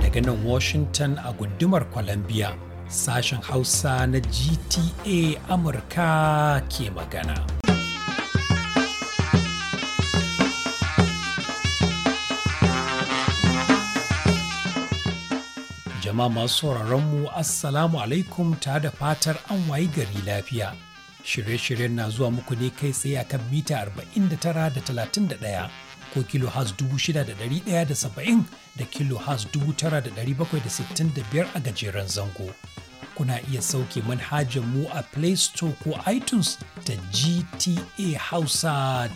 Daga nan Washington a gundumar Columbia, sashen Hausa na GTA Amurka ke magana. Jama'a masu sauraron mu Assalamu alaikum ta da fatar an wayi gari lafiya. Shirye-shiryen na zuwa muku ne kai tsaye a kan mita 49.31 da ko kilo has 6,170 da kilo has 9,765 a gajeren zango. Kuna iya sauke manhajar mu a Play Store ko iTunes ta GTA Hausa.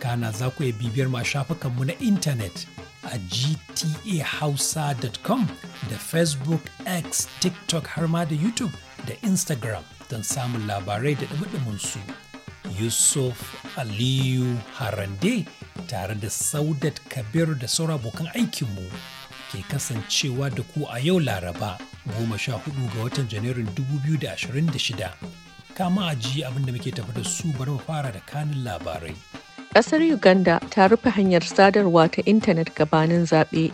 Kana za ku iya bibiyar ma shafukanmu na intanet a gtahausa.com da Facebook, X, TikTok har ma da YouTube da Instagram. kan samun labarai da su Yusuf Aliyu Harande tare da Saudat Kabir da sauran abokan aikinmu ke kasancewa da ku a yau Laraba goma sha hudu ga watan Janairun 2026. Kama ajiye abinda muke tafi da su bari mu fara da kanin labarai. Ƙasar Uganda ta rufe hanyar sadarwa ta intanet gabanin zaɓe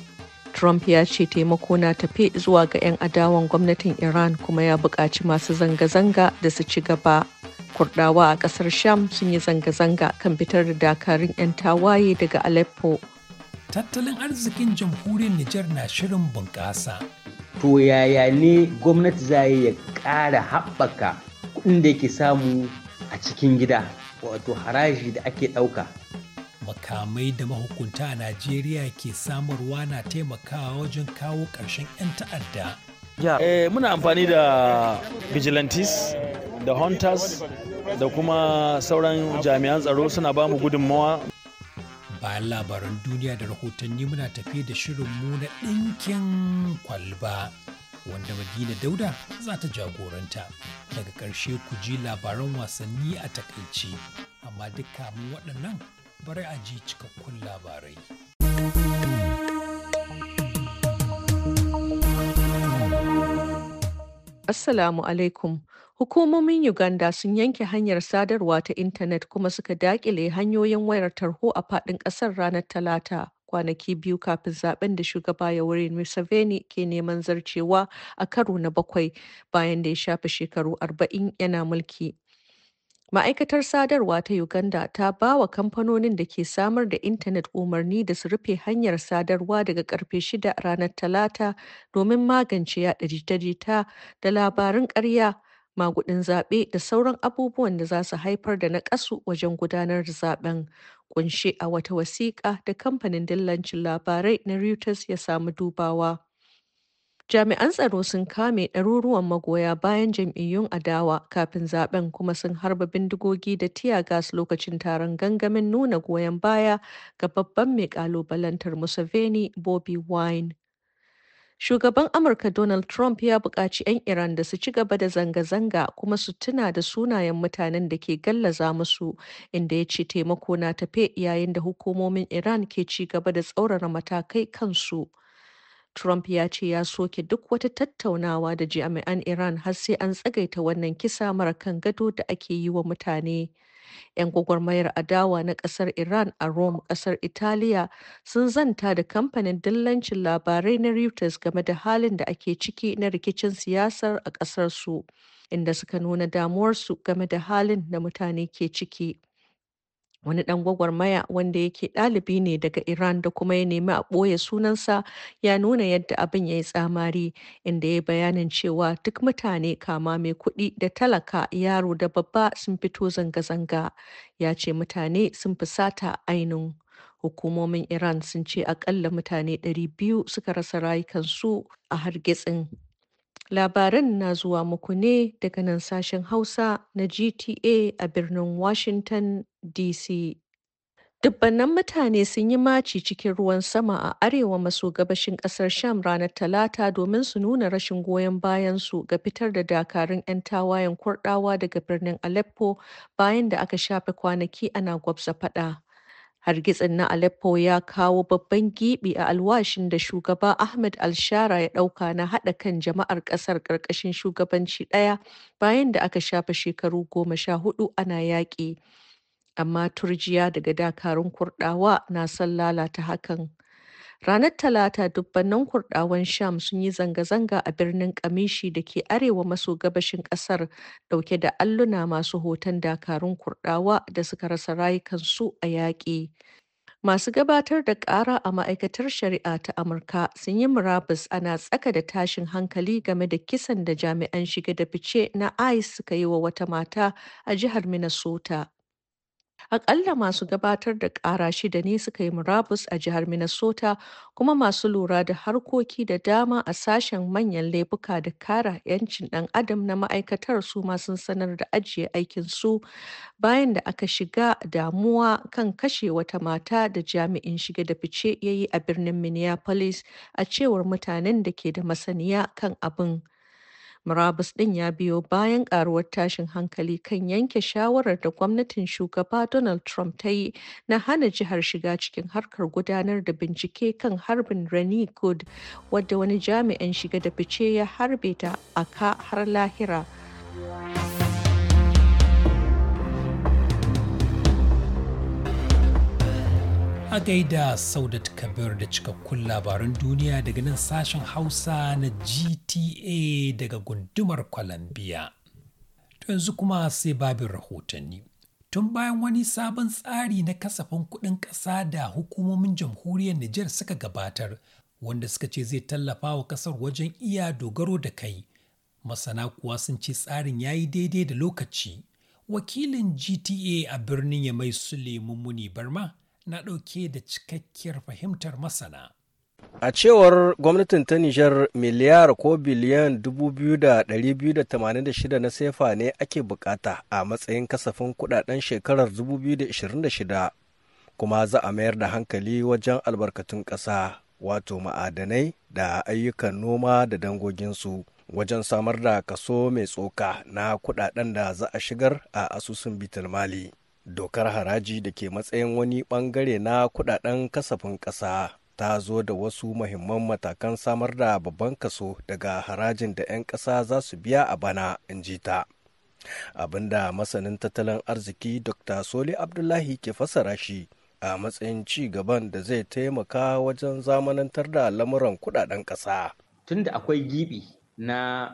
Trump ya ce taimako na tafe zuwa ga 'yan adawan gwamnatin Iran kuma ya buƙaci masu zanga-zanga da su ci gaba. Kurdawa a ƙasar Sham sun yi zanga-zanga kan fitar da dakarun 'yan tawaye daga Aleppo. Tattalin arzikin jamhuriyar Nijar na shirin bunƙasa. To yaya ne gwamnati za ya ƙara haɓaka kuɗin da yake samu a cikin gida, wato haraji da ake ɗauka. makamai da mahukunta a Najeriya ke samarwa na taimakawa wajen kawo ƙarshen 'yan ta'adda. Eh, muna amfani da vigilantes da hunters da kuma sauran jami'an tsaro suna bamu gudunmawa. ba labaran duniya da rahotanni muna tafi da shirin mu na ɗinkin kwalba. wanda Madina Dauda za ta jagoranta. Daga ƙarshe ku ji labaran wasanni a takaici, amma duk kamun waɗannan bari a ji cikakkun labarai. Assalamu alaikum. Hukumomin Uganda sun yanke hanyar sadarwa ta intanet kuma suka dakile hanyoyin wayar tarho a faɗin ƙasar ranar Talata. kwanaki biyu kafin zaben da shugaba ya wuri Museveni ke neman zarcewa a karo na bakwai bayan da ya shafe shekaru arba'in yana mulki. Ma'aikatar Sadarwa ta Uganda ta ba wa kamfanonin da ke samar da intanet umarni da su rufe hanyar sadarwa daga karfe 6 ranar Talata domin magance yaɗa jita-jita da labarin ƙarya, magudin zaɓe da sauran abubuwan da za su haifar da naƙasu wajen gudanar da zaɓen. Kunshe a wata wasiƙa da kamfanin dillancin labarai na Reuters ya samu dubawa. Jami'an tsaro sun kame ɗaruruwan magoya bayan jam'iyyun adawa kafin zaben kuma sun harba bindigogi da tiya gas lokacin taron gangamin nuna goyon baya ga babban mai ƙalubalantar Museveni Bobi Wine. Shugaban Amurka Donald Trump ya buƙaci 'yan Iran da su ci gaba da zanga-zanga kuma su tuna da sunayen mutanen da ke gallaza musu, inda ya ce taimako na tafe yayin da hukumomin Iran ke ci gaba da tsaurara matakai kansu. Trump ya ce ya soke duk wata tattaunawa da jami'an Iran har sai an tsagaita wannan kisa mara kan gado da ake yi wa mutane. 'Yan gwagwarmayar adawa na ƙasar Iran a Rome, ƙasar Italiya sun zanta da kamfanin dillancin labarai na Reuters game da halin da ake ciki na rikicin siyasar a ƙasarsu, inda suka nuna damuwarsu game da halin da mutane ke ciki. wani ɗan gwagwarmaya wanda yake ɗalibi ne daga Iran da kuma ya nemi a ɓoye sunansa ya nuna yadda abin ya yi tsamari inda ya bayanin cewa duk mutane kama mai kuɗi da talaka yaro da babba sun fito zanga-zanga ya ce mutane sun fusata ainihin Hukumomin Iran sun ce akalla mutane 200 suka rasa rayukansu a hargitsin. Labaran na zuwa muku ne daga nan sashen Hausa na GTA a birnin Washington DC. Dubbannan mutane sun yi maci cikin ruwan sama a arewa maso gabashin ƙasar Sham ranar Talata domin su nuna rashin goyon bayansu ga fitar da dakarun 'yan tawayen Kurɗawa daga birnin Aleppo bayan da aka shafe kwanaki ana gwabza faɗa. Hargitsin na Aleppo ya kawo babban gibi a alwashin da shugaba Ahmed alshara ya ɗauka na haɗa kan jama'ar ƙasar ƙarƙashin shugabanci ɗaya bayan da aka shafe shekaru goma sha hudu ana yaƙi. Amma turjiya daga dakarun Kurɗawa na son lalata hakan. Ranar Talata dubbannin Kurɗawan Sham sun yi zanga-zanga a birnin Kamishi da ke arewa maso gabashin ƙasar dauke da alluna masu hoton dakarun Kurɗawa da suka rasa rayukansu a yaƙi. Masu gabatar da ƙara a ma'aikatar shari'a ta Amurka sun yi murabus ana tsaka da tashin hankali game da kisan da jami'an shige da fice na ICE suka yi wa wata mata a jihar Minnesota. Aƙalla masu gabatar da ƙara shida ne suka yi murabus a jihar Minnesota kuma masu lura da harkoki da dama a sashen manyan laifuka da kara 'yancin ɗan adam na ma'aikatar su ma sun sanar da ajiye aikin su bayan da aka shiga damuwa kan kashe wata mata da jami'in shiga da fice ya yi a birnin Minneapolis a cewar mutanen da ke da masaniya kan abin. Murabus din ya biyo bayan karuwar tashin hankali kan yanke shawarar da gwamnatin shugaba Donald Trump ta yi na hana jihar shiga cikin harkar gudanar da bincike kan harbin Rani Good wadda wani jami'in shiga da fice ya harbe ta a ka har lahira. A gaida Saudat Kabir da cikakkun labaran duniya daga nan sashen Hausa na GTA daga gundumar Columbia. To yanzu kuma sai babin rahotanni. Tun bayan wani sabon tsari na kasafin kuɗin ƙasa da hukumomin jamhuriyar Nijar suka gabatar, wanda suka ce zai tallafa wa ƙasar wajen iya dogaro da kai. Masana kuwa sun ce tsarin ya yi daidai da lokaci. Wakilin GTA a birnin ya mai Suleiman Muni Barma na ɗauke da cikakkiyar fahimtar masana. A cewar gwamnatin ta Nijar miliyar ko biliyan 2,286 na sefa ne ake bukata a matsayin kasafin kudaden shekarar 2026 kuma za a mayar da hankali wajen albarkatun ƙasa wato ma'adanai da ayyukan noma da dangoginsu wajen samar da kaso mai tsoka na kudaden da za a shigar a asusun bitin mali. dokar haraji da ke matsayin wani bangare na kudaden kasafin ƙasa ta zo da wasu muhimman matakan samar da babban kaso daga harajin da 'yan ƙasa za su biya a bana in ji ta abinda masanin tattalin arziki dr soli abdullahi ke fassara shi a matsayin ci gaban da zai taimaka wajen zamanantar da lamuran kudaden ƙasa tunda akwai gibi na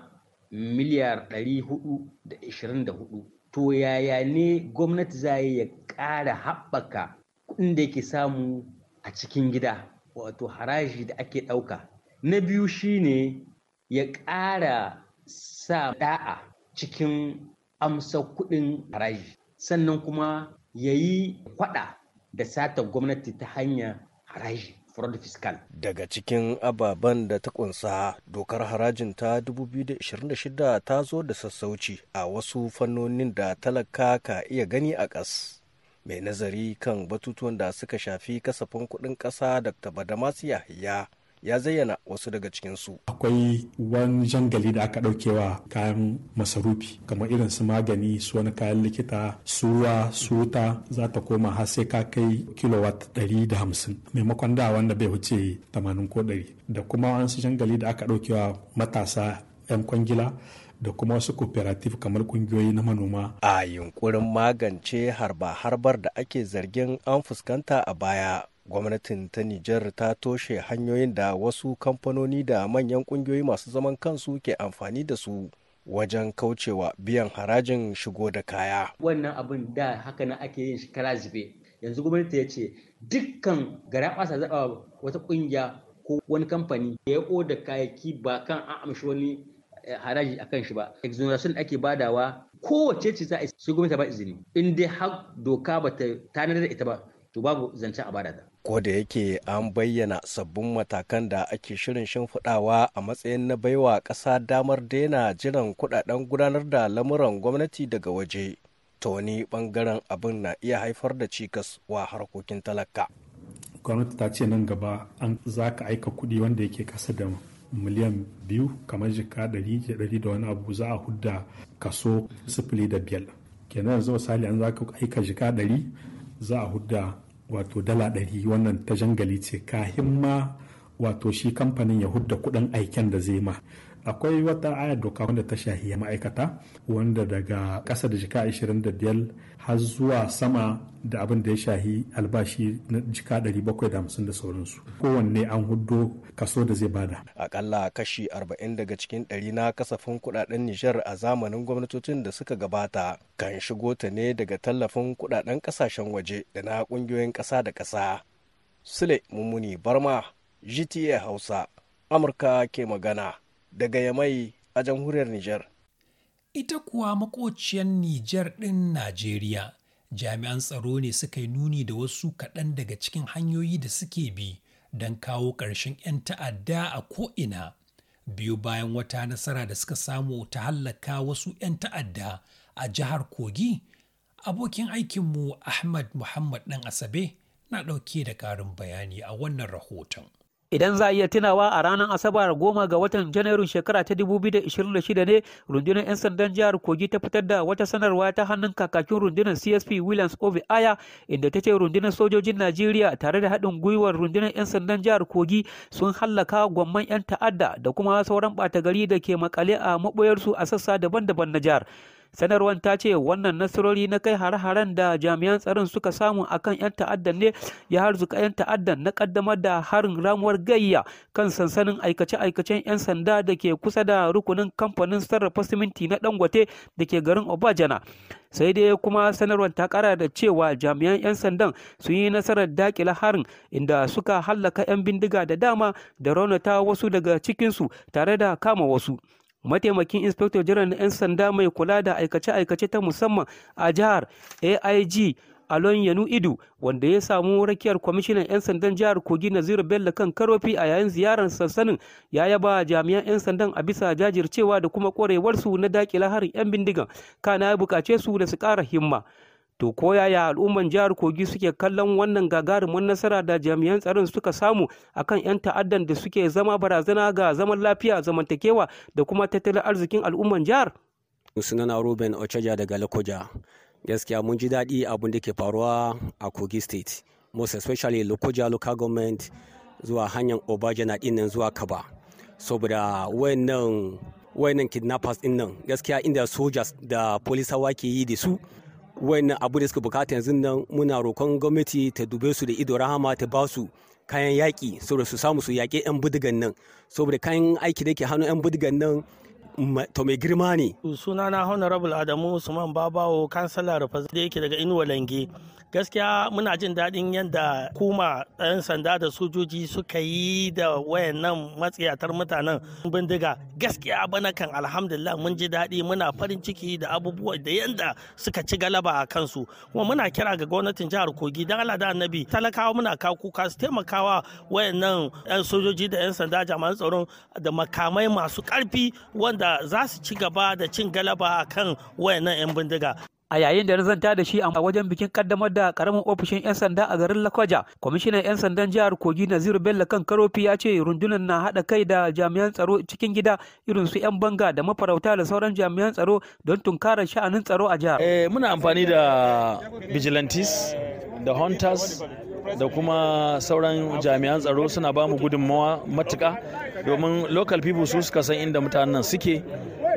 miliyar 424 to yaya ne gwamnati za ya ƙara haɓaka kuɗin da yake samu a cikin gida wato haraji da ake ɗauka na biyu shine ya ƙara sa da'a cikin amsa kuɗin haraji sannan kuma ya yi kwaɗa da sata gwamnati ta hanyar haraji fraud fiscal. Daga cikin ababen da ta kunsa dokar harajin ta 2026 ta zo da sassauci a wasu fannonin da talaka ka iya gani a ƙas. Mai nazari kan batutuwan da suka shafi kasafin kuɗin ƙasa Dr. Badamasi Yahya ya zayyana wasu daga cikinsu. Akwai wani jangali da aka ɗaukewa kayan masarufi kamar irin su magani su wani kayan likita su ruwa su wuta za ta koma har sai ka kai kilowatt ɗari da hamsin maimakon da wanda bai wuce tamanin ko ɗari da kuma wani jangali da aka ɗaukewa matasa 'yan kwangila da kuma wasu kooperatif kamar kungiyoyi na manoma. A yunkurin magance harba-harbar da ake zargin an fuskanta a baya, gwamnatin ta nijar ta toshe hanyoyin da wasu kamfanoni da manyan kungiyoyi masu zaman kansu ke amfani da su wajen kaucewa biyan harajin shigo da kaya wannan abin da haka na ake yin shekara zube yanzu gwamnati ya ce dukkan gara ɓasa zaba wata ƙungiya ko wani kamfani ya yi oda kayaki ba kan an amshi wani eh, haraji a kan shi ba exoneration da ake badawa kowace ce za a yi gwamnati ba izini in dai har doka ba ta tanar da ita ba to babu zancen a bada ta ko da yake an bayyana sabbin matakan da ake shirin shimfiɗawa a matsayin na baiwa ƙasa damar daina jiran kuɗaɗen gudanar da lamuran gwamnati daga waje ta wani ɓangaren abin na iya haifar da cikas wa harkokin talaka gwamnati ta ce nan gaba an za ka aika kuɗi wanda yake kasa da miliyan biyu kamar jika ɗari da wani abu za a hudda kaso sifili da biyar kenan yanzu misali an za ka aika jika ɗari za a hudda wato dala ɗari wannan ta jangali ce kahin ma wato shi kamfanin ya hudda kuɗin aiken da zai ma akwai wata ayar doka wanda ta shahi ma'aikata wanda daga kasa da jika 25 har zuwa sama da abin da ya shahi albashi na jika 750 da sauransu kowanne an huddo kaso da zai bada akalla kashi 40 daga cikin 100 na kasafin kudaden nijar a zamanin gwamnatocin da suka gabata kan shigo ta ne daga tallafin kudaden kasashen waje da na kungiyoyin ƙasa da ƙasa sule mummuni barma gta hausa amurka ke magana daga Yamai a jamhuriyar Nijar. Ita kuwa makociyar Nijar ɗin Najeriya, jami'an tsaro ne suka yi nuni da wasu kaɗan daga cikin hanyoyi da suke bi don kawo ƙarshen 'yan ta'adda a ko'ina. Biyu bayan wata nasara da suka samu ta hallaka wasu 'yan ta'adda a jihar Kogi, abokin aikinmu Ahmad Muhammad ɗan Asabe na ɗauke da ƙarin bayani a wannan rahoton. idan za a iya tunawa a ranar asabar goma ga watan janairun shekara ta 2026 ne rundunar 'yan sandan jihar kogi ta fitar da wata sanarwa ta hannun kakakin rundunar csp williams ovi aya inda ta ce rundunar sojojin najeriya tare da haɗin gwiwar rundunar 'yan sandan jihar kogi sun hallaka gwamman 'yan ta'adda da kuma sauran ɓata gari da ke makale a maɓoyarsu a sassa daban-daban na jihar sanarwar ta ce wannan nasarori na kai hare-haren da jami'an tsaron suka samu akan 'yan ta'addan ne ya harzuka 'yan ta'addan na kaddamar da harin ramuwar gayya kan sansanin aikace-aikacen 'yan sanda da ke kusa da rukunin kamfanin sarrafa siminti na dangote da ke garin obajana sai dai kuma sanarwar ta kara da cewa jami'an 'yan sandan su yi nasarar dakila harin inda suka hallaka 'yan bindiga da dama da raunata wasu daga cikinsu tare da kama wasu mataimakin inspector general na 'yan sanda mai kula da aikace-aikace ta musamman a jihar aig alon yanu idu wanda ya samu rakiyar kwamishinan 'yan sandan jihar kogi naziru bello kan karofi a yayin ziyarar sansanin ya yaba jami'an 'yan sandan a bisa jajircewa da kuma kwarewarsu na dakila harin 'yan bindigan kana ya bukace su da su kara himma To ko yaya al'umman jihar Kogi suke kallon wannan gagarumin nasara da jami'an tsaron suka samu akan 'yan ta'addan da suke zama barazana ga zaman lafiya, zamantakewa da kuma tattalin arzikin al'umman jihar? Sunana Ruben Ochaja daga Lokoja. Gaskiya mun ji daɗi abin da ke faruwa a Kogi State, most especially Lokoja local government zuwa hanyar Obajana dinnan zuwa Kaba. Saboda wayannan wayannan kidnappers dinnan gaskiya inda sojas da polisawa ke yi da su wannan abu da suka bukata yanzu nan muna roƙon gwamnati ta dube su da ido rahama ta ba su kayan yaƙi saboda su samu su yaƙi 'yan budigan nan saboda kayan aiki da ke hannu 'yan budigan nan to mai girma ne sunana honorable adamu usman babawo kansala rufas da yake daga inuwa lange gaskiya muna jin daɗin yadda kuma ɗan sanda da sojoji suka yi da wayannan matsiyatar mutanen bindiga gaskiya bana kan alhamdulillah mun ji daɗi muna farin ciki da abubuwa da yadda suka ci galaba a kansu kuma muna kira ga gwamnatin jihar kogi don allah da annabi talakawa muna kawo kuka su taimakawa wayannan yan sojoji da yan sanda jami'an tsaron da makamai masu ƙarfi wanda za su ci gaba da cin galaba a kan wayannan 'yan bindiga a yayin da na zanta da shi a wajen bikin kaddamar da karamin ofishin 'yan sanda a garin lakwaja kwamishinan 'yan sandan jihar kogi naziru bello kan karofi ya ce rundunar na haɗa kai da jami'an tsaro cikin gida irin su 'yan banga da mafarauta da sauran jami'an tsaro don tunkara sha'anin tsaro a jihar eh, muna amfani da vigilantes da hunters da kuma sauran jami'an tsaro suna ba mu gudunmawa matuka domin local people su suka san inda mutanen suke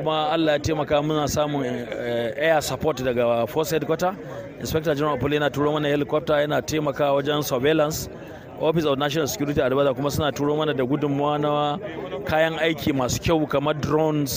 kuma allah ya taimaka muna samun eh, air support daga daga force headquarter inspector general of police yana turo mana helicopter yana taimaka wajen surveillance office of national security advisor kuma suna turo mana da gudunmuwa na kayan aiki masu kyau kamar drones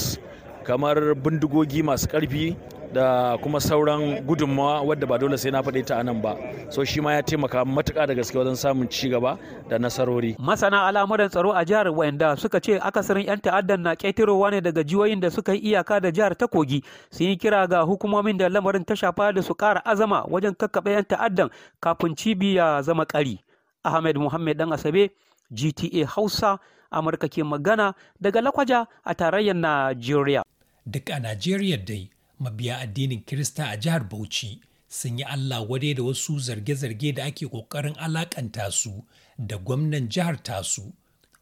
kamar bindigogi masu karfi da kuma sauran gudunmawa wadda ba dole sai na faɗe ta nan ba so shi ma ya taimaka matuƙa da gaske wajen samun ci gaba da nasarori masana al'amuran tsaro a jihar wayanda suka ce akasarin yan ta'addan na ƙetarewa ne daga jihohin da suka yi iyaka da jihar ta kogi sun yi kira ga hukumomin da lamarin ta shafa da su ƙara azama wajen kakkaɓe yan ta'addan kafin cibiya zama ƙari ahmed muhammed dan asabe gta hausa amurka ke magana daga lakwaja a tarayyar najeriya duk a najeriya dai mabiya addinin Kirista a jihar Bauchi sun yi Allah wade da wasu zarge-zarge da ake ƙoƙarin alakanta su da gwamnan jihar tasu.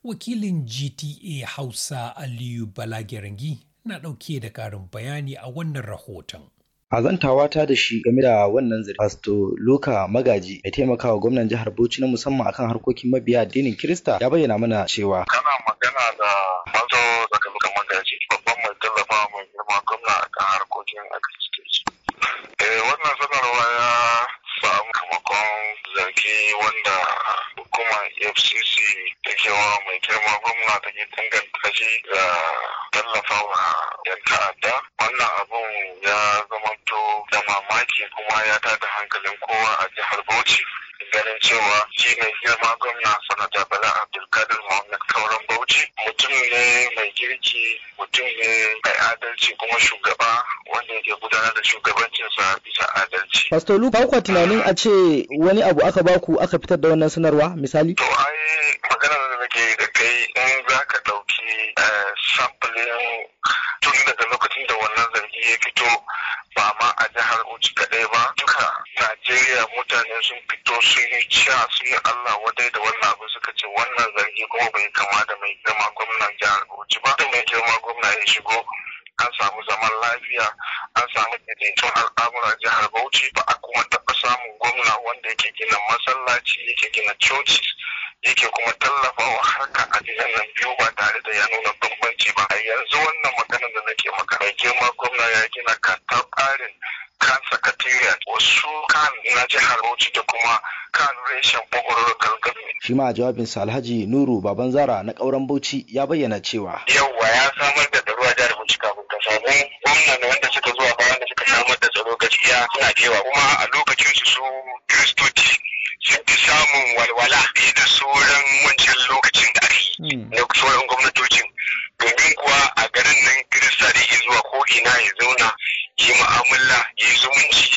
Wakilin GTA Hausa Aliyu Balagirangi na ɗauke da karin bayani a wannan rahoton. azantawa ta da shi game da wannan zari Pastor Luka Magaji mai taimakawa gwamnan jihar Bauchi na musamman akan harkokin mabiya addinin Kirista ya bayyana mana cewa kana magana da Pastor kuma gwamna a kan harkokin agriculture. Eh, wannan sanarwa ya samu kamakon zargi wanda hukumar fcc ta kewa mai girma gwamna ta ke danganta shi da tallafa wa yan ta'adda wannan abun ya zamanto da mamaki kuma ya tada hankalin kowa a jihar bauchi ganin cewa shi mai girma gwamna sanata bala abdulkadir muhammad kauran bauchi mutum ne mai girki mutum ne ce kuma shugaba wanda yake gudanar da shugabancinsa bisa adalci. Pastor Luke, ba tunanin a ce wani abu aka baku aka fitar da wannan sanarwa misali? To ai magana da nake da kai in za ka ɗauki eh, sampling tun daga lokacin da wannan zargi ya fito ba ma a jihar Bauchi kaɗai ba duka Najeriya mutane sun fito sun yi cewa sun yi Allah wadai da wannan abu suka ce wannan zargi kuma bai kama da mai girma gwamnan jihar Bauchi ba da mai girma gwamna ya shigo zaman lafiya an samu daidaiton al'amura jihar bauchi ba a kuma taɓa samun gwamna wanda yake gina masallaci yake gina coci yake kuma tallafa wa harka a jihar nan biyu ba tare da ya nuna bambanci ba a yanzu wannan maganar da nake maka mai girma gwamna ya gina kantar tsarin kan sakatariya wasu kan na jihar bauchi da kuma kan reshen bogoro kalgami shi ma jawabinsa alhaji nuru baban zara na ƙauren bauchi ya bayyana cewa yawwa ya gaskiya suna da yawa kuma a lokacin su su kiristoci sun fi samun walwala fiye da sauran wancan lokacin da ake hmm. na sauran gwamnatocin domin kuwa a garin nan kirista da zuwa ko ina ya zauna yi mu'amala ya yi zumunci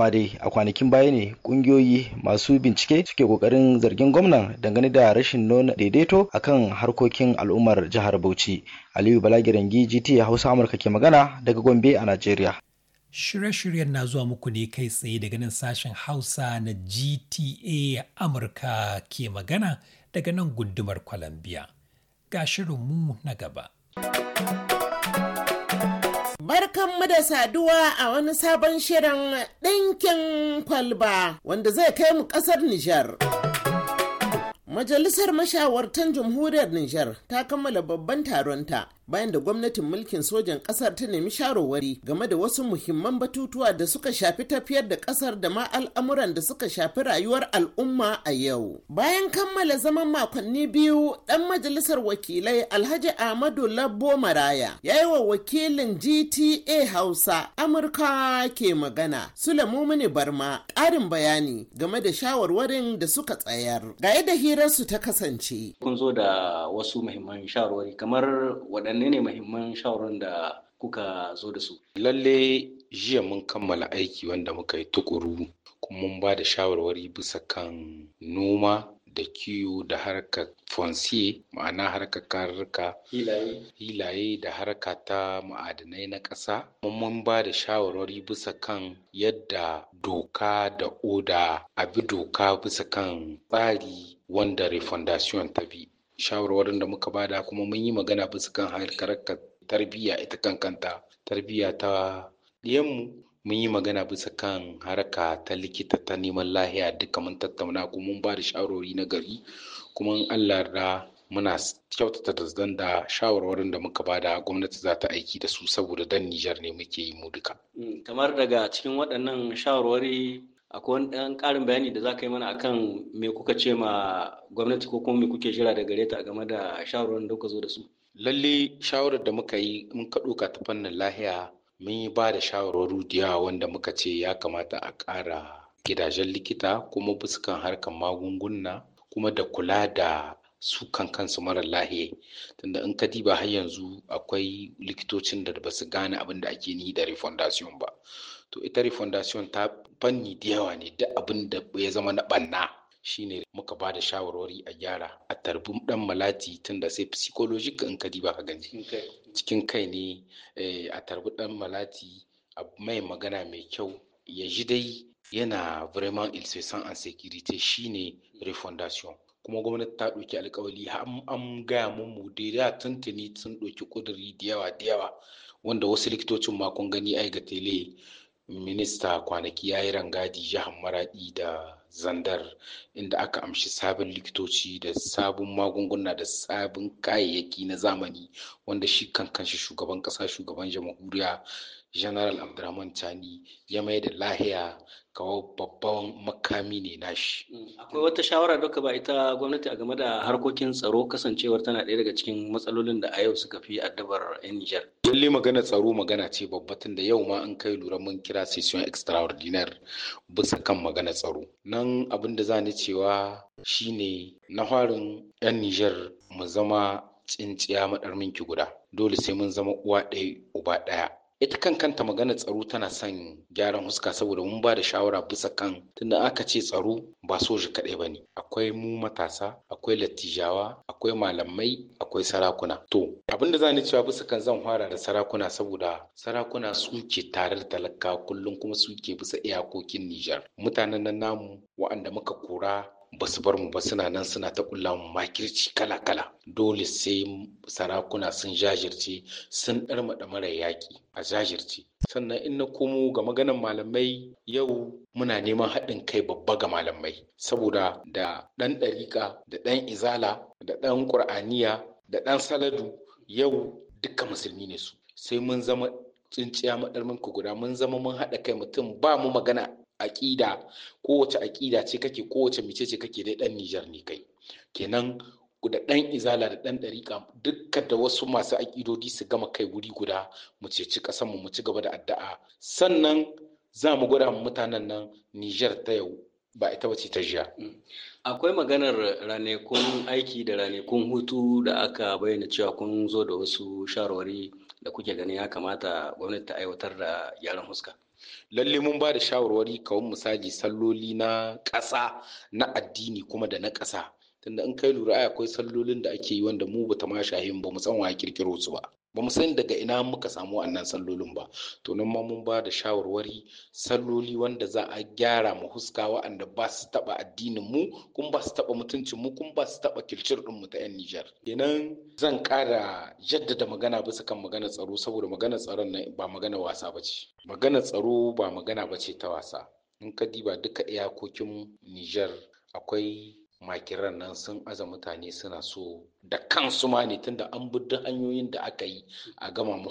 dama dai a kwanakin baya ne kungiyoyi masu bincike suke kokarin zargin gwamnan dangane da rashin nuna daidaito akan harkokin al'ummar jihar Bauchi. Aliyu Balagirangi GT Hausa Amurka ke magana daga Gombe a Najeriya. Shirye-shiryen na zuwa muku ne kai tsaye daga nan sashen Hausa na GTA Amurka ke magana daga nan gundumar Columbia. Ga shirinmu na gaba. barkan mu da saduwa a wani sabon shirin ɗinkin kwalba wanda zai kai mu ƙasar Nijar. Majalisar Mashawartan Jamhuriyar Nijar ta kammala babban taronta bayan da gwamnatin mulkin sojan kasar ta nemi shawarwari game da wasu muhimman batutuwa da suka shafi tafiyar da kasar da ma al'amuran da suka shafi rayuwar al'umma a yau. Bayan kammala zaman makonni biyu dan majalisar wakilai Alhaji Ahmadu Labo Maraya ya yi wa wakilin GTA Hausa Amurka ke magana mumuni Barma ƙarin bayani game da shawarwarin da suka tsayar. Ga yadda hirarsu ta kasance. Kun zo da wasu muhimman shawarwari kamar waɗanne waɗanne ne muhimman shawarwarin da kuka zo da su lalle jiya mun kammala aiki wanda muka yi tukuru kuma mun ba da shawarwari bisa kan noma da kiwo da harkar fonsiye ma'ana harkar karurruka hilaye da harka ta ma'adinai na ƙasa mun ba da shawarwari bisa kan yadda doka da oda a bi doka bisa kan tsari wanda refondation ta bi shawarwarin da muka bada kuma mun yi magana bisa kan harkar tarbiyya ita kan kanta tarbiyya ta yanmu. mun yi magana bisa kan harka ta likita ta neman lahiya duka mun tattauna kuma mun ba da shawarwari na gari kuma in allah da muna kyautata da zan da shawarwarin da muka bada gwamnati za ta aiki da su saboda dan Nijar ne muke yi mu duka. Mm, kamar daga cikin waɗannan shawarwari akwai wani ɗan ƙarin bayani da za ka yi mana akan me kuka ce ma gwamnati ko kuma me kuke jira da gare ta game da shawarwarin da kuka zo da su lalle shawarar da muka yi mun ka ɗauka ta fannin lahiya mun yi ba da shawarwaru da wanda muka ce ya kamata a ƙara gidajen likita kuma fuskan harkar magunguna kuma da kula da su kan kansu marar lahiya tunda in ka diba har yanzu akwai likitocin da ba su gane abin da ake ni da refondation ba to ita refondation ta fanni da yawa ne duk abin da ya zama na banna shine muka ba da shawarwari a gyara a tarbi dan malati tunda sai psychological in ka diba ka gani cikin kai ne eh, a tarbi dan malati a mai magana mai kyau ya ji dai yana vraiment il se sent en sécurité shine refondation kuma gwamnati ta ɗauki alkawali an gaya mu da ya tuntuni sun ɗauki ƙuduri da yawa da yawa wanda wasu likitocin ma kun gani ai ga tele minista kwanaki ya yi rangadi jihar maraɗi da zandar inda aka amshi sabon likitoci da sabon magunguna da sabon kayayyaki na zamani wanda shi kankan shi shugaban ƙasa shugaban jamhuriya general abdurrahman tani ya mai da lahiya kawo babban makami ne nashi mm, akwai wata shawara duka ba ita gwamnati a game da harkokin tsaro kasancewar tana ɗaya daga cikin matsalolin da a yau suka fi addabar yan nijar Dole magana tsaro magana ce babba tun da yau ma an kai lura mun kira session extraordinaire bisa kan magana tsaro nan abin da za ni cewa shine na farin yan nijar mu zama tsintsiya madarminki guda dole sai mun zama uwa ɗaya uba ɗaya ita kan kanta maganar tsaro tana son gyaran huska saboda mun ba da shawara bisa kan tunda aka ce tsaro ba soji kaɗai ba ne akwai mu matasa akwai lattijawa akwai malamai akwai sarakuna to abinda za ni cewa bisa kan zan fara da sarakuna saboda sarakuna su ke tare da talaka kullum kuma suke bisa iyakokin Nijar mutanen nan namu wa'anda muka kora. ba su bar mu ba suna nan suna ta kulla mu makirci kala-kala dole sai sarakuna sun jajirce sun ɗarmaɗa mara yaƙi a jajirce sannan in na komo ga maganan malamai yau muna neman haɗin kai babba ga malamai saboda da ɗan ɗariƙa da ɗan izala da ɗan ƙur'aniya da ɗan saladu yau duka musulmi ne su sai mun zama tsintsiya maɗarmin ku guda mun zama mun haɗa kai mutum ba mu magana aƙida kowace aƙida ce kake kowace mice ce kake dai ɗan Nijar ne kai kenan da ɗan izala da ɗan ɗariƙa dukkan da wasu masu aƙidodi su gama kai wuri guda mu ce ci ƙasarmu mu ci gaba da addu'a sannan za mu gwada mutanen nan Nijar ta yau ba ita ce ta jiya. Mm. Akwai maganar ranakun aiki da ranakun hutu da aka bayyana cewa kun zo da wasu shawarwari da kuke ganin ya kamata gwamnati ta aiwatar da gyaran huska. lalle mun ba da shawarwari kawun misali salloli na ƙasa na addini kuma da na ƙasa tunda in kai lura akwai sallolin da ake yi wanda mu bata ma shahin ba mu san wa kirkiro su ba ba mu san daga ina muka samu wannan sallolin ba to nan ma mun ba da shawarwari salloli wanda za a gyara mu huska wa'anda ba su taba addinin mu kun ba su taba mutuncin mu kun ba su taba kilcir din mu ta yan Nijar? kenan zan kara jaddada magana bisa kan magana tsaro saboda magana tsaron nan ba magana wasa bace magana tsaro ba magana bace ta wasa in ka diba duka iyakokin Nijar akwai makiran nan sun aza mutane suna so da kansu ma ne tunda an bi hanyoyin da aka yi a gama mu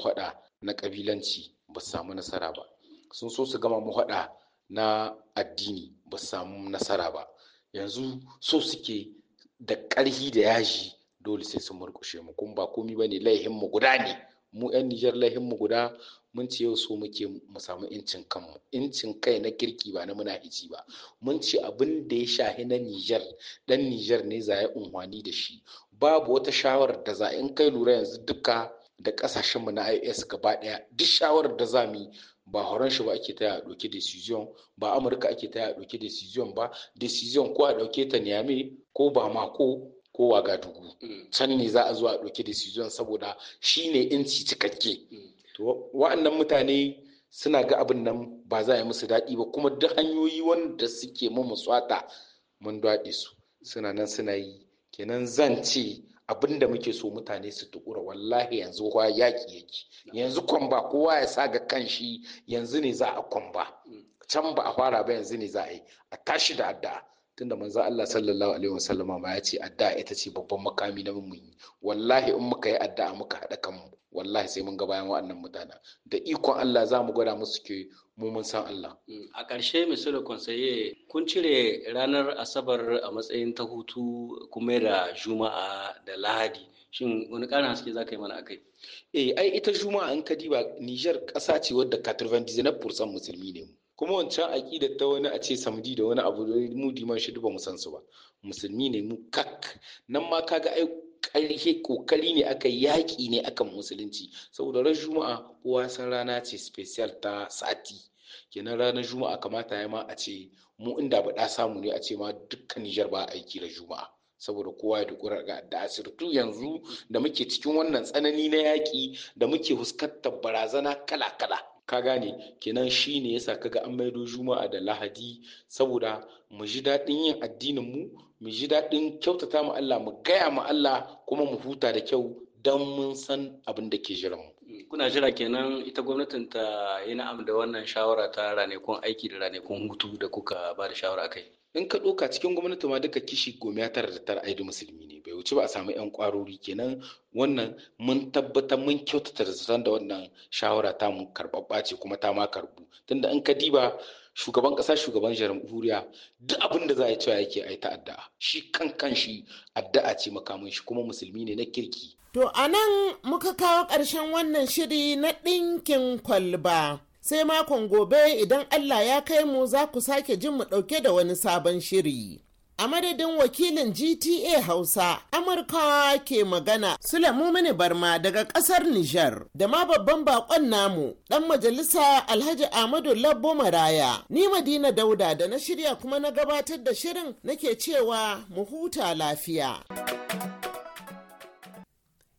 na kabilanci ba su samu nasara ba sun so su gama mu na addini ba su samu nasara ba yanzu so suke da ƙarhi da yaji dole sai sun murƙushe mu kuma ba komi ba ne laihin mu guda ne mu 'yan Nijar mu guda mun ce yau so muke mu samu incin kanmu incin kai na kirki ba na muna iji ba mun ce abin da ya shahi na Nijar dan Nijar ne za ya unhwani da shi babu wata shawarar da za in kai lura yanzu duka da kasashen mu na IS gaba daya duk shawarar da za mu ba horon shi ba ake taya a dauke decision ba Amurka ake taya a dauke decision ba decision ko a dauke ta Niamey ko ba mako ko wagadugu can ne za a zuwa ɗauki decision saboda shi ne inci cikakke to wa'annan mutane suna ga abin nan ba za a musu daɗi ba kuma duk hanyoyi wanda suke mu muswata mun daɗe su suna nan suna yi kenan zan ce abin da muke so mutane su tukura wallahi yanzu kwa yaƙi yake yanzu kwamba kowa ya sa ga kan shi yanzu ne za a kwamba can ba a fara ba yanzu ne za a yi a tashi da addu'a tunda manzon Allah sallallahu alaihi wasallama ba ya ce addu'a ita ce babban makami na yi wallahi in muka yi addu'a muka haɗa kanmu wallahi sai mun ga bayan wa'annan mutanen da ikon Allah za mu gwada musu ke mu mun san Allah mm, a ƙarshe mai misali konsaye kun cire ranar asabar a matsayin ta hutu kuma da juma'a da lahadi shin wani ƙarin haske za ka yi mana a kai eh ai ita juma'a an ka diba Niger ƙasa ce wadda 99% musulmi ne mu kuma wancan aƙidar ta wani a ce samdi da wani abu mu diman shi duba mu san su ba musulmi ne mu kak nan ma kaga ai ƙarhe kokari ne aka yaƙi ne akan musulunci saboda ran juma'a kowa san rana ce special ta sati kenan ranar juma'a kamata ya ma a ce mu inda ba da samu ne a ce ma dukkan nijar ba aiki da juma'a saboda kowa ya dukura ga da asirtu yanzu da muke cikin wannan tsanani na yaƙi da muke huskantar barazana kala-kala ka gane kenan shi ne yasa kaga an maido juma'a da lahadi saboda mu ji daɗin yin addinin mu mu ji daɗin kyautata mu Allah mu gaya mu Allah kuma mu huta da kyau don mun san abin da ke jiran mu mm, kuna jira kenan ita gwamnatin ta yi na'am da wannan shawara ta ranakun aiki da ranakun hutu da kuka ba da shawara kai in ka ɗauka cikin gwamnati ma duka kishi goma tara da tara aidu musulmi wuce ba a samu 'yan kwarori kenan wannan mun tabbatar mun kyautata da zaton da wannan shawara ta mu karɓaɓɓa ce kuma ta ma karɓu tunda in ka diba shugaban ƙasa shugaban jamhuriya duk abin da za a yi cewa yake a yi ta addu'a shi kan kan shi addu'a ce makamin shi kuma musulmi ne na kirki. to a nan muka kawo ƙarshen wannan shiri na ɗinkin kwalba. sai makon gobe idan Allah ya kai mu za ku sake jin mu ɗauke da wani sabon shiri. a madadin wakilin GTA Hausa, Amurka ke magana Sulemu Mini Barma daga ƙasar Nijar, da ma babban bakon namu, ɗan majalisa Alhaji Ahmadu Labbo Maraya. Ni Madina Dauda da na shirya kuma na gabatar da shirin nake cewa mu huta lafiya.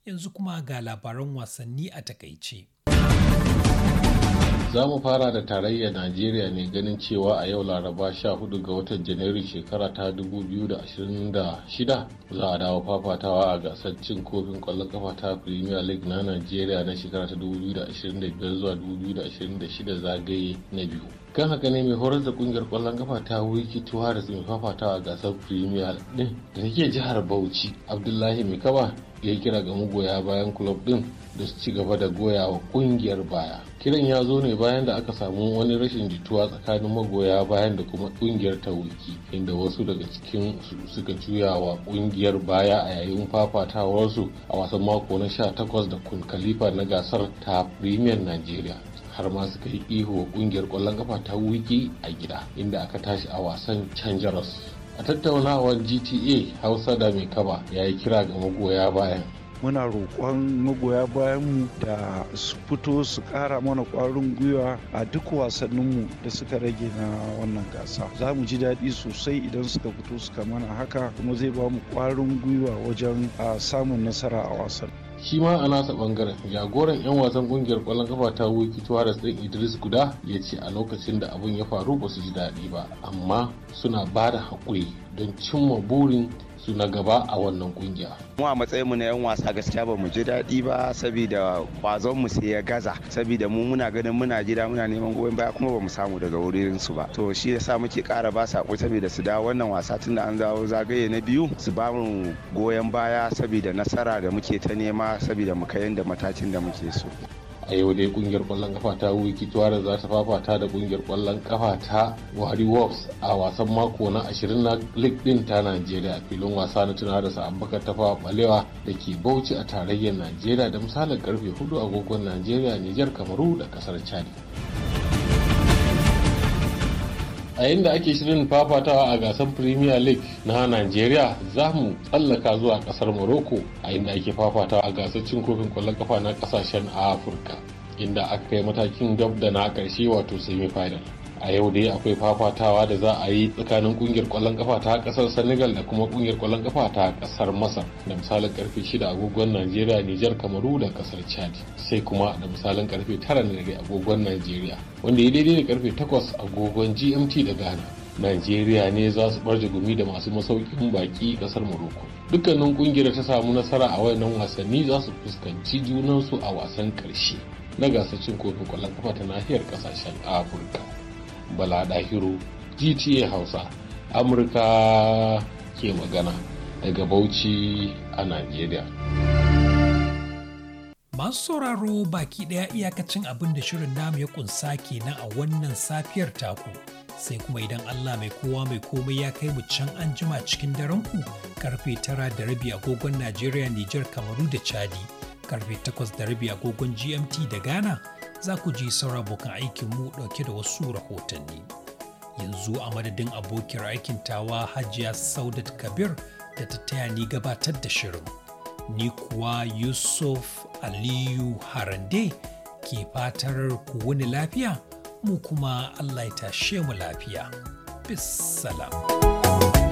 Yanzu kuma ga labaran wasanni a takaice. za mu fara da tarayyar najeriya ne ganin cewa a yau laraba 14 ga watan janairu shekara ta 2026 za a dawo fafatawa a gasar cin kofin kwallon kafa ta premier league na najeriya na shekara ta 2025 zuwa 2026 zagaye na biyu kan haka ne mai horar da kungiyar kwallon kafa ta wiki da mai fafatawa a gasar premier din da take jihar bauchi abdullahi mai ya kira ga magoya bayan kulob din da su ci gaba da goya wa kungiyar baya kiran ya zo ne bayan da aka samu wani rashin jituwa tsakanin magoya bayan da kuma kungiyar ta wiki inda wasu daga cikin su suka juya wa kungiyar baya a yayin fafatawarsu a wasan mako na 18 da kun khalifa na gasar ta premier nigeria har ma suka yi ihu wa kungiyar kwallon kafa ta wiki a gida inda aka tashi a wasan canjaros. a tattaunawar gta hausa da mai kaba ya yi kira ga magoya bayan muna roƙon magoya bayanmu da su fito su ƙara mana ƙwarin gwiwa a duk wasanninmu da suka rage na wannan gasa za mu ji daɗi sosai idan suka fito suka mana haka kuma zai ba mu ƙwarin gwiwa wajen samun nasara a wasan shi ma a nasa bangaren jagoran 'yan wasan kungiyar kwallon kafa ta wiki tuwaras din idris guda ya ce a lokacin da abun ya faru ba su ji daɗi ba amma suna ba da haƙuri don cimma burin su na gaba a wannan kungiya. Mu a matsayin mu na 'yan wasa gaskiya ba mu ji daɗi ba saboda kwazon mu sai ya gaza saboda mu muna ganin muna gida muna neman goyon baya kuma ba mu samu daga wurin su ba. To shi yasa muke ƙara ba sako saboda su dawo wannan wasa tun da an dawo zagaye na biyu su ba mu goyon baya saboda nasara da muke ta nema saboda mu kai yanda matakin da muke so. a yau dai kungiyar kwallon kafa ta wiki tuwara za ta fafata da kungiyar kwallon kafa ta wari wolves a wasan mako na 20 na league din ta najeriya a filin wasa na tunawa da ta fawa balewa da ke bauchi a tarayyar najeriya da misalin karfe 4 agogon najeriya nijar kamaru da kasar chad a yadda ake shirin fafatawa a gasar premier league na nigeria za mu tsallaka zuwa kasar morocco a yadda ake fafatawa a gasar cin kofin kwallon kafa na kasashen afirka inda aka kai matakin gab da na karshe wato semi final a yau dai akwai fafatawa da za a yi tsakanin kungiyar kwallon kafa ta kasar senegal da kuma kungiyar kwallon kafa ta kasar masar da misalin karfe 6 agogon najeriya nijar kamaru da kasar chad sai kuma da misalin karfe 9 na dare agogon najeriya wanda ya daidai da karfe 8 agogon gmt da ghana najeriya ne za su barje gumi da masu masaukin baki kasar morocco dukkanin kungiyar ta samu nasara a wayannan wasanni za su fuskanci junansu a wasan karshe na gasar cin kofin kwallon kafa ta nahiyar kasashen afirka bala dahiru gta hausa amurka ke magana daga bauchi a najeriya masu sauraro baki ɗaya iyakacin abin da shirin namu ya kunsa kenan a wannan safiyar taku sai kuma idan Allah mai kowa mai komai ya kai mu can an jima cikin daren ku karfe tara da rabi agogon Najeriya, Nijar, Kamaru da Chadi, karfe takwas da rabi agogon GMT da Ghana za ku ji sauran abokan aikinmu ɗauke da wasu rahotanni. Yanzu a madadin abokiyar aikin tawa Hajiya Saudat Kabir da ta taya ni gabatar da shirin. Ni kuwa Yusuf Aliyu Harande ke fatar ku wani lafiya, mu kuma Allah ya tashe mu lafiya. Bis salam.